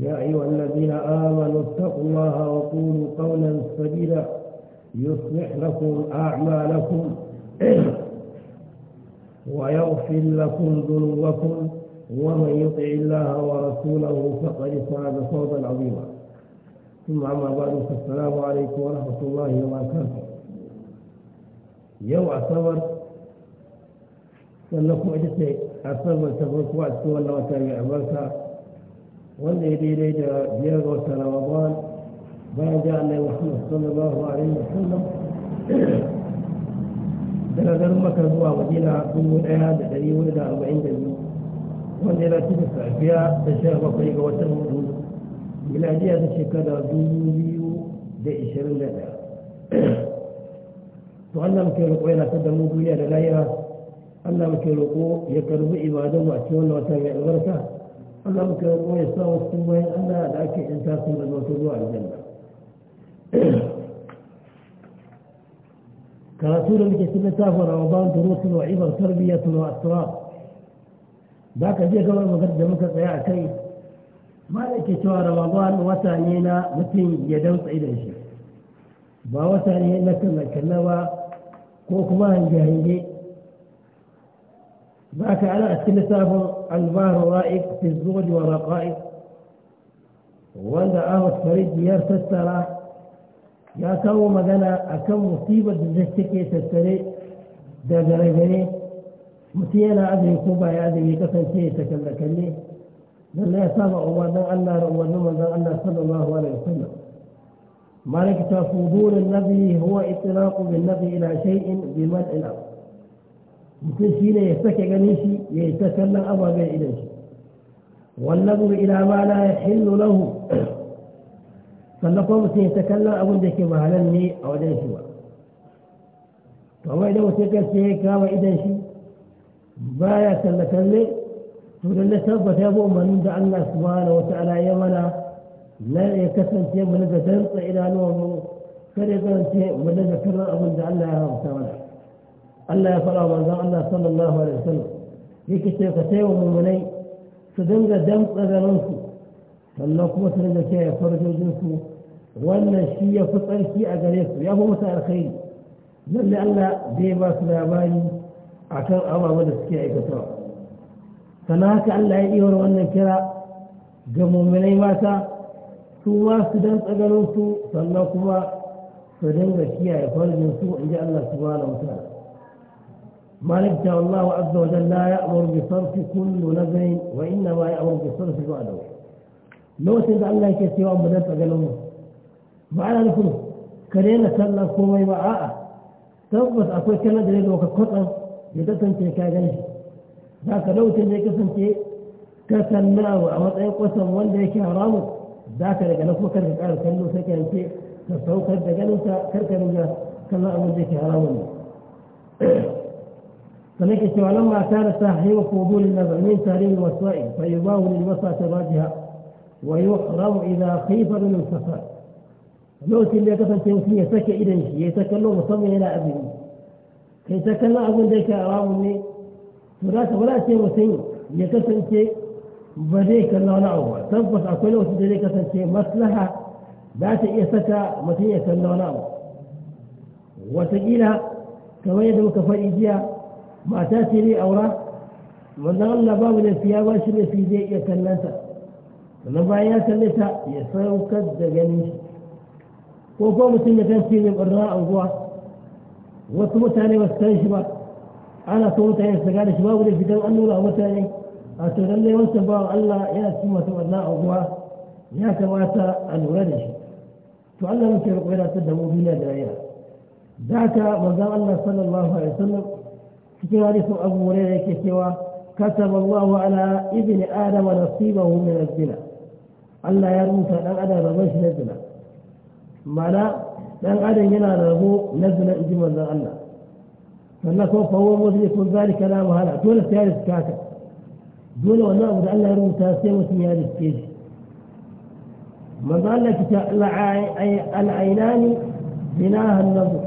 يا أيها الذين آمنوا اتقوا الله وقولوا قولا سديدا يصلح لكم أعمالكم ويغفر لكم ذنوبكم ومن يطع الله ورسوله فقد فاز فوزا عظيما ثم أما بعد فالسلام عليكم ورحمة الله وبركاته يوم أصبر سنكم أجلس أصبر تبرك وأتكون لو تابع بركة wanda ya daidai da biyar ga wasu ramadan bayan da annai muhammad sallallahu alaihi wasallam daga garin makar zuwa madina dubu daya da dari hudu da arba'in da biyu wanda yana cikin safiya da sha bakwai ga watan hudu miladiya ta shekara dubu biyu da ishirin da daya to allah muke roƙo yana ta damu duniya da lahira allah muke roƙo ya karbi ibadan a cikin wannan watan ya albarka Allah muka yi ya sa wasu cikin bayan Allah da ake ‘yan taso da wata zuwa aljanna. Karatu da muke cikin littafin Ramadan da Rusul wa Ibar Tarbiyya Tuna Asra. Ba ka je gabar magar da muka tsaya a kai. Ma da ke cewa Ramadan wata ne na mutum ya dantsa idan shi. Ba wata ne na kan ba ko kuma hange-hange بات على اتلسه الباهر رائق في الزوج ورقائق ولده آه اهو يرسل يرتسرا يا كو مدنا اكم مصيبة جزتك يتسري دادر جري مسيلا ادري كوبا يا ادري كفن شيء تكلك لي لله يسامع وما دان الله رو ونما دان الله صلى الله عليه وسلم مالك تفضول النبي هو اطلاق بالنبي الى شيء بملء الارض mutum shi ne ya sake ganin shi ya yi ta kallon ababen idan shi wannan ila ma la ya hillu lahu sannan kuma mutum ya ta kallon abin da ke mahalar ne a wajen shi ba kamar idan mutum kan ya kama idan shi ba ya kalle kalle to da na tabbata ya bi umarnin da Allah subhanahu wa ya mana na ya kasance mu daga dantsa idanuwa mu kada ya kasance mu daga kallon abin da Allah ya haramta mana الله صلى الله صلى الله عليه وسلم يك سيكتئو من مني سدنجا دم قذلونك الله كما سنجا كي يفرجو جنسو وانا شي يفطر شي أغريسو يا هو مسار خير نقول الله ديبا سلاباني عكر أبا ودس كي يكتر فناك الله يقول وانا كرا جمو مني ماتا سوا سدن قذلونك فالله كما سدنجا كي يفرجو جنسو إن جاء الله سبحانه وتعالى ما نبدأ الله عز وجل لا يأمر بصرف كل نبع وإنما يأمر بصرف وعده لو سيد الله يكسي بدأت أجلهم معنى نقول كرينا سلا كومي وعاء تبس أقول كلا دليل وكقطع يدتن تيكا جنش ذاك لو سيد يكسن تي كسلنا وعوض أي قسم وانده كهرامه ذاك لك نقول كرك قال كلو سكن تي تستوكر دقلو كرك نجا كلا أمده كهرامه فليك سوى لما كان تحريم فضول المزعومين تحريم الوسائل فيباه للوسع تراجها ويحرم إذا خيف من الفساد لوتي اللي قتل تنسي يتكى إذا شيء يتكلم مصمم إلى أبيه كي يتكلم أبن ذيك أرام لي ثلاثة ولا شيء وسيء يقتل شيء بذيك الله نعوه تنفس أكل وسيء ذيك قتل شيء مصلحة ذات يتكى متين الله نعوه وتقيلها كما يدعو كفر ما تأتي لي أوراق من غلى باب الأسياء واشر في ذي يتلتا من بايا تلتا يسوك الدقنيش وقوم مسلم تنسي من الراء وقوة وطمو تاني واستنشبا أنا طول تاني استقال شباب لي في دو أنه لا وطاني أتغل لي وانسبا الله يا سمة الله وقوة يا كواتا الورش تعلم كيف قيلة تدهو بلا دعيا ذاك وقال الله صلى الله عليه وسلم كتوارث أبو هريرة كتوى كتب الله على ابن آدم نصيبه من الزنا ألا يرمس أن أدى رمش نزنا ما لا أن أدى ينا رمو نزنا إجمال الله فنكو فهو مدرك ذلك لا مهلا دون سيارس كاتب دون ونعبد أن يرمو تاسيم سيارس كيش ما قال لك العينان بناها النظر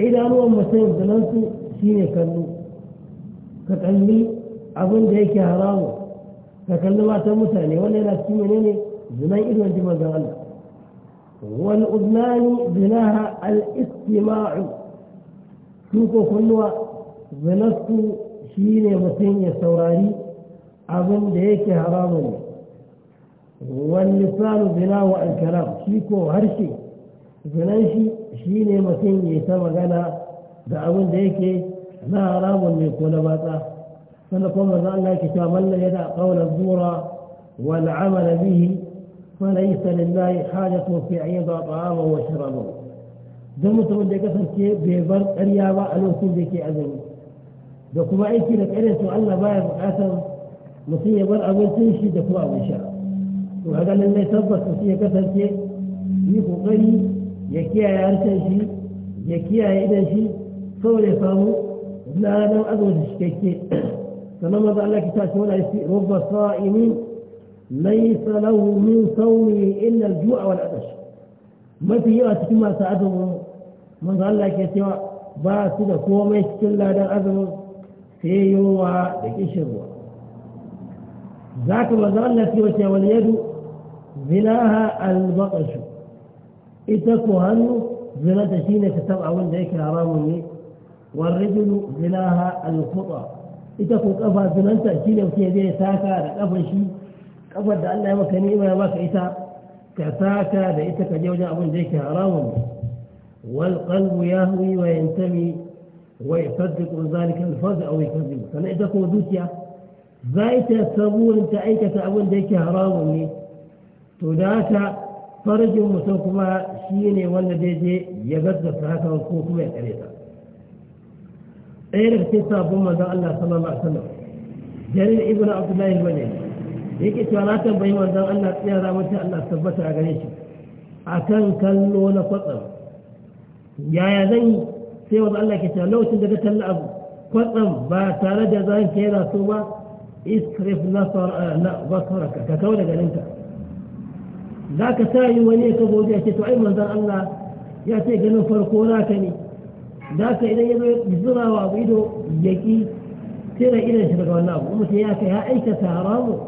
إذا هو مسيح بننسي ne kallo ka kalli abin da yake haramu ka kalli matan mutane wanda yana cikin ne zinan ido da manzon Allah wani udnani zinaha al istima'u su ko kunnuwa zinasu ne mutum ya saurari abin da yake haramun ne wani واللسان بناء shi ko harshe zinan shi shi ne mutum ya ta magana da abin da yake ما أراب أن يكون باته فنقوم أن الله كتاب الله يدع قول الزورة والعمل به فليس لله حاجة في عيضة طعامه وشرابه دم ترون كسر قصر كي بيبرد أريابا ألوسين دي كي أذن دو كما إيكي لك أريد سؤال الله بايا بقاسم مصية بر أول تنشي دفوا وشاء وهذا اللي يتبص مصية قصر كي يكو قري يكيا يارتا شي يكيا يدا شي فولي فامو لا آدم أدوز الشكيكي كما مضى لك تأتون رب الصائمين ليس له من صومه إلا الجوع والأدش ما في يأتي كما سأدوه من قال لك يتوى باسد قومي كل هذا الأدو في يوى بكشر ذاك ما قال لك يتوى واليد ذلاها البطش إتكو هنو ذلا تشينك تبع وندهك الأرام والرجل بناها الخطى إتكو كفا زنانتا كي لو كي يدي ساكا لقفا شيء كفا دا الله ما كان إما ما كإتا كساكا دا إتكا أبن ديك حرام والقلب يهوي وينتمي ويصدق ذلك الفضع ويكذب فأنا إتكو دوتيا زايتا تصبور انت أيكا أبن ديك حرام تداتا فرج متوكما شيني والنديجي يبدأ فهذا الكوكما يتريتا ɗaya daga cikin sabon manzon Allah sallallahu alaihi wasallam jarir ibn abdullahi bane yake cewa na tambayi manzon Allah tsira mace Allah tabbata a gare shi akan kallo na kwatsam yaya zan yi sai wanda Allah ke cewa lokacin da ka kalla abu kwatsam ba tare da zan kera so ba isrif basaraka ka kawo da ganinka za ka sa yi wani ka gobe ya ce to ai manzon Allah ya ce ganin farko naka ne za ka idan ya zo zura wa ido ya ƙi tira idan shi daga wannan abu mutum ya kai ya aikata haramu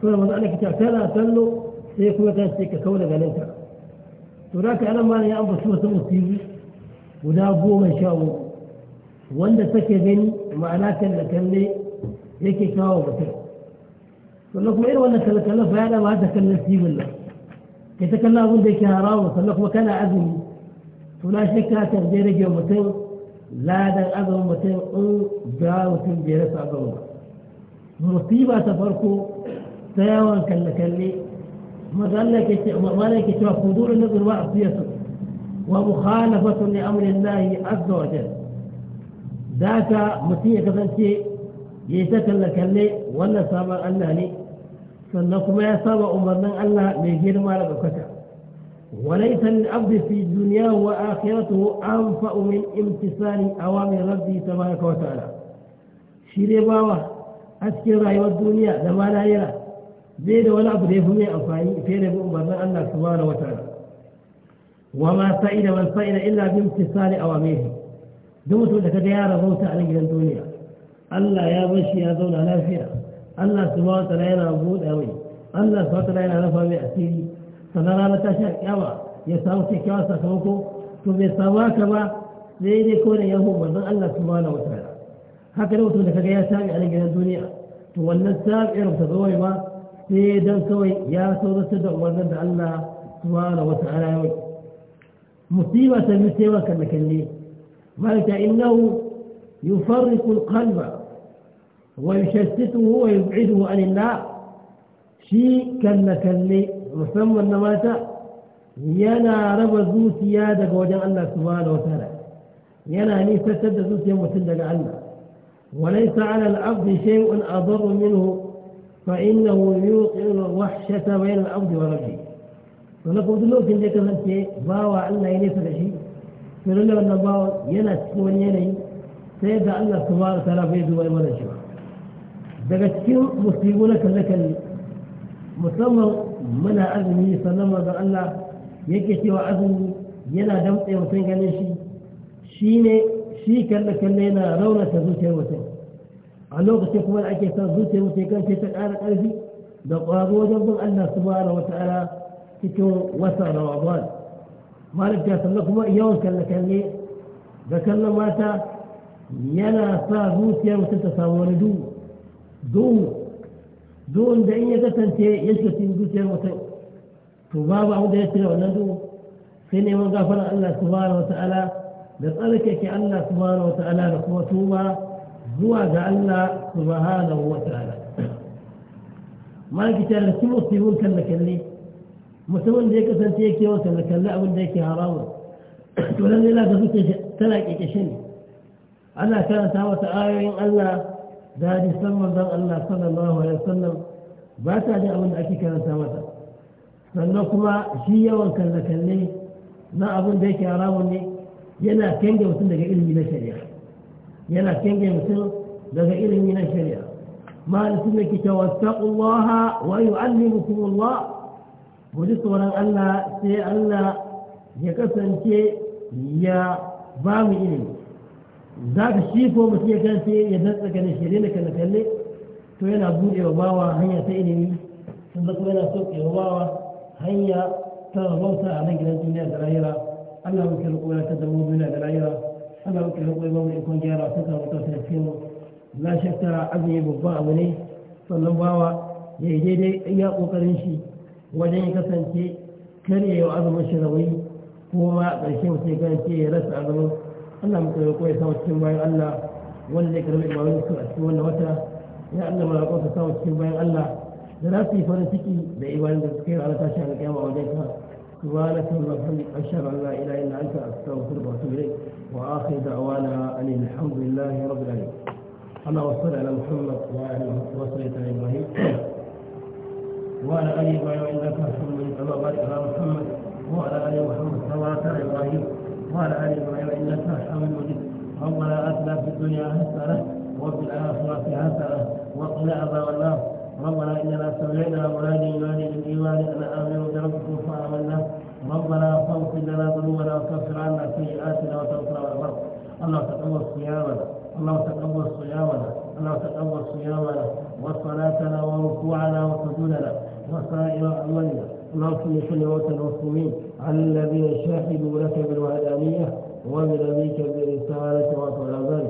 kuma maza ana kita kana sallo sai kuma ta ce ka kawo daga ninka to za ka anan mana ya ambaci wasu musibi guda goma sha uku wanda take gani ma'ana kalle-kalle yake kawo mutum sannan kuma irin wannan kalle-kalle fa ya da ma ta kalle sibin nan kai ta kalla abin da yake haramu sannan kuma kana azumi suna shi ka tarbe rage mutum ladan azumin mutum in ga mutum bai rasa azumin ba musiba ta farko ta yawan kalle-kalle ملائكة وحضور النظر ومخالفة لأمر الله عز وجل ذاك مسيح كفنتي يتكل لك اللي ولا سامع الله لي فلنكم يا سامع أمرنا الله من غير ما وليس للعبد في دنياه وآخرته أنفأ من امتثال أوامر ربه تبارك وتعالى شيري باوا اسكي رأي والدنيا لما لا يرى زيد ولا عبد يفهم أنفاني في ربو أمرنا الله سبحانه وتعالى وما سئل من سئل إلا بامتثال أوامره دمت لك يا ربوت على الدنيا الله يا بشي يا دون على فيها الله سبحانه وتعالى يا ربوت أوي الله سبحانه وتعالى يا رفع sannan ranar tashin kyawa ya samu kyakkyawa sakamako to bai samu haka ba sai dai ko da yahu manzon Allah subhanahu wataala haka da mutum da kaga ya sami a gidan duniya to wannan sabi'ar ta zo ba sai dan kawai ya so zata da wannan da Allah subhanahu wataala ya wuce musiba ta mutewa kan kalle malaka innahu yufarriqu alqalba ويشتته ويبعده عن الله شيء كان كان musamman na mata yana raba zuciya daga wajen Allah subhanahu wa ta'ala yana nisantar da zuciyar mutum daga Allah وليس على العبد شيء أضر منه فإنه يوقع الوحشة بين العبد وربه ولكم دلوك إن جاك فانت باوى الله ينفع شيء فقال له أن باوى ينسك ونيني سيدى الله سبحانه وتعالى بيده وإيمان الشباب daga cikin musibuna kan musamman muna azumi sannan manzon Allah yake cewa azumi yana damtse mutum ganin shi shi ne shi kalle kalle yana raunata zuciyar mutum a lokacin kuma da ake son zuciyar mutum kan ce ta ƙara ƙarfi da ƙwazo wajen bin Allah wata wata'ala cikin wasa Ramadan malik ta sannan kuma yawan kalle kalle da kallon mata yana sa zuciyar mutum ta samu wani duhu duhu duhun da in ya kasance ya shiga cikin zuciyar mutum to babu abu da ya cire wannan duhu sai neman gafarar Allah subhanahu wata'ala da tsarkake Allah subhanahu wata'ala da kuma tuba zuwa ga Allah subhanahu wata'ala maliki ta su musulmin kan kalle Musamman da ya kasance ya kewa kalle-kalle abin da yake haramun to lalle na da zuciya tana shi ne ana karanta wata ayoyin Allah da hadisan manzon Allah sallallahu alaihi wasallam ba ta da abin da ake karanta mata sannan kuma shi yawan kalle-kalle na abin da yake haramun ne yana kenge mutum daga ilimi na shari'a yana kenge mutum daga ilimi na shari'a ma da yake cewa taqullaha wa yu'allimukumullah guji tsoron Allah sai Allah ya kasance ya ba mu ilimi za ka shi ko mutum ya kan sai ya dantsa ganin shi ne kalle kalle to yana buɗe wa bawa hanya ta ilimi sannan kuma yana sauƙe wa bawa hanya ta bauta a nan gidan duniya da rayuwa Allah muke roƙo ya ta zama duniya da rayuwa Allah muke roƙo ya ba mu ikon gyara ta samu ta tafiye mu la shakka azumi babban abu ne sannan bawa ya yi daidai iya ƙoƙarin shi wajen ya kasance karyewa azumin shi rauni ko ma ƙarshe mutum ya kasance ya rasa azumin Allah muka roƙo ya samu cikin bayan Allah wanda ya karɓi ibadun su a cikin wannan wata ya Allah mu roƙo ka samu cikin bayan Allah da za su yi farin سبحانك اللهم وبحمدك أشهد أن لا إله إلا أنت أستغفرك وأتوب إليك وآخر دعوانا أن الحمد لله رب العالمين اللهم صل على محمد وعلى وصلى على إبراهيم وعلى آل إبراهيم إنك حميد اللهم بارك على محمد وعلى آل محمد كما على إبراهيم وعلى آل جنة أو يرد ربنا أتنا في الدنيا حسنة وفي الآخرة حسنة وقنا عذاب النار ربنا إننا سمعنا منادي ينادي بالإيمان أن آمنوا بربكم فآمنا ربنا فاغفر لنا ذنوبنا وكفر عنا سيئاتنا وتوفنا على البر الله تقبل صيامنا الله تقبل صيامنا الله تقبل صيامنا وصلاتنا وركوعنا وسجودنا وسائر أعمالنا اللهم صل وسلم المسلمين على الذين شهدوا لك بالوحدانيه ومن أبيك برسالة وطلبا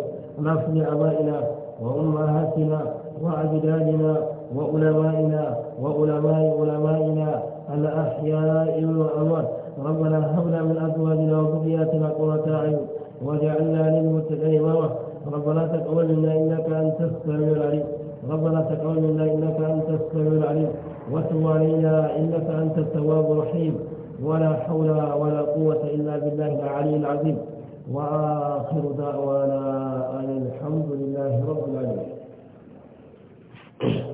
نفل أبائنا وأمهاتنا وأجدادنا وعلمائنا وعلماء علمائنا الأحياء والأموات ربنا هب لنا من أزواجنا وذرياتنا قرة أعين واجعلنا للمتقين إماما ربنا تقبل منا إنك أنت السميع العليم ربنا تقبل منا إنك أنت السميع العليم وتب علينا إنك أنت التواب الرحيم ولا حول ولا قوة إلا بالله العلي العظيم وآخر دعوانا أن الحمد لله رب العالمين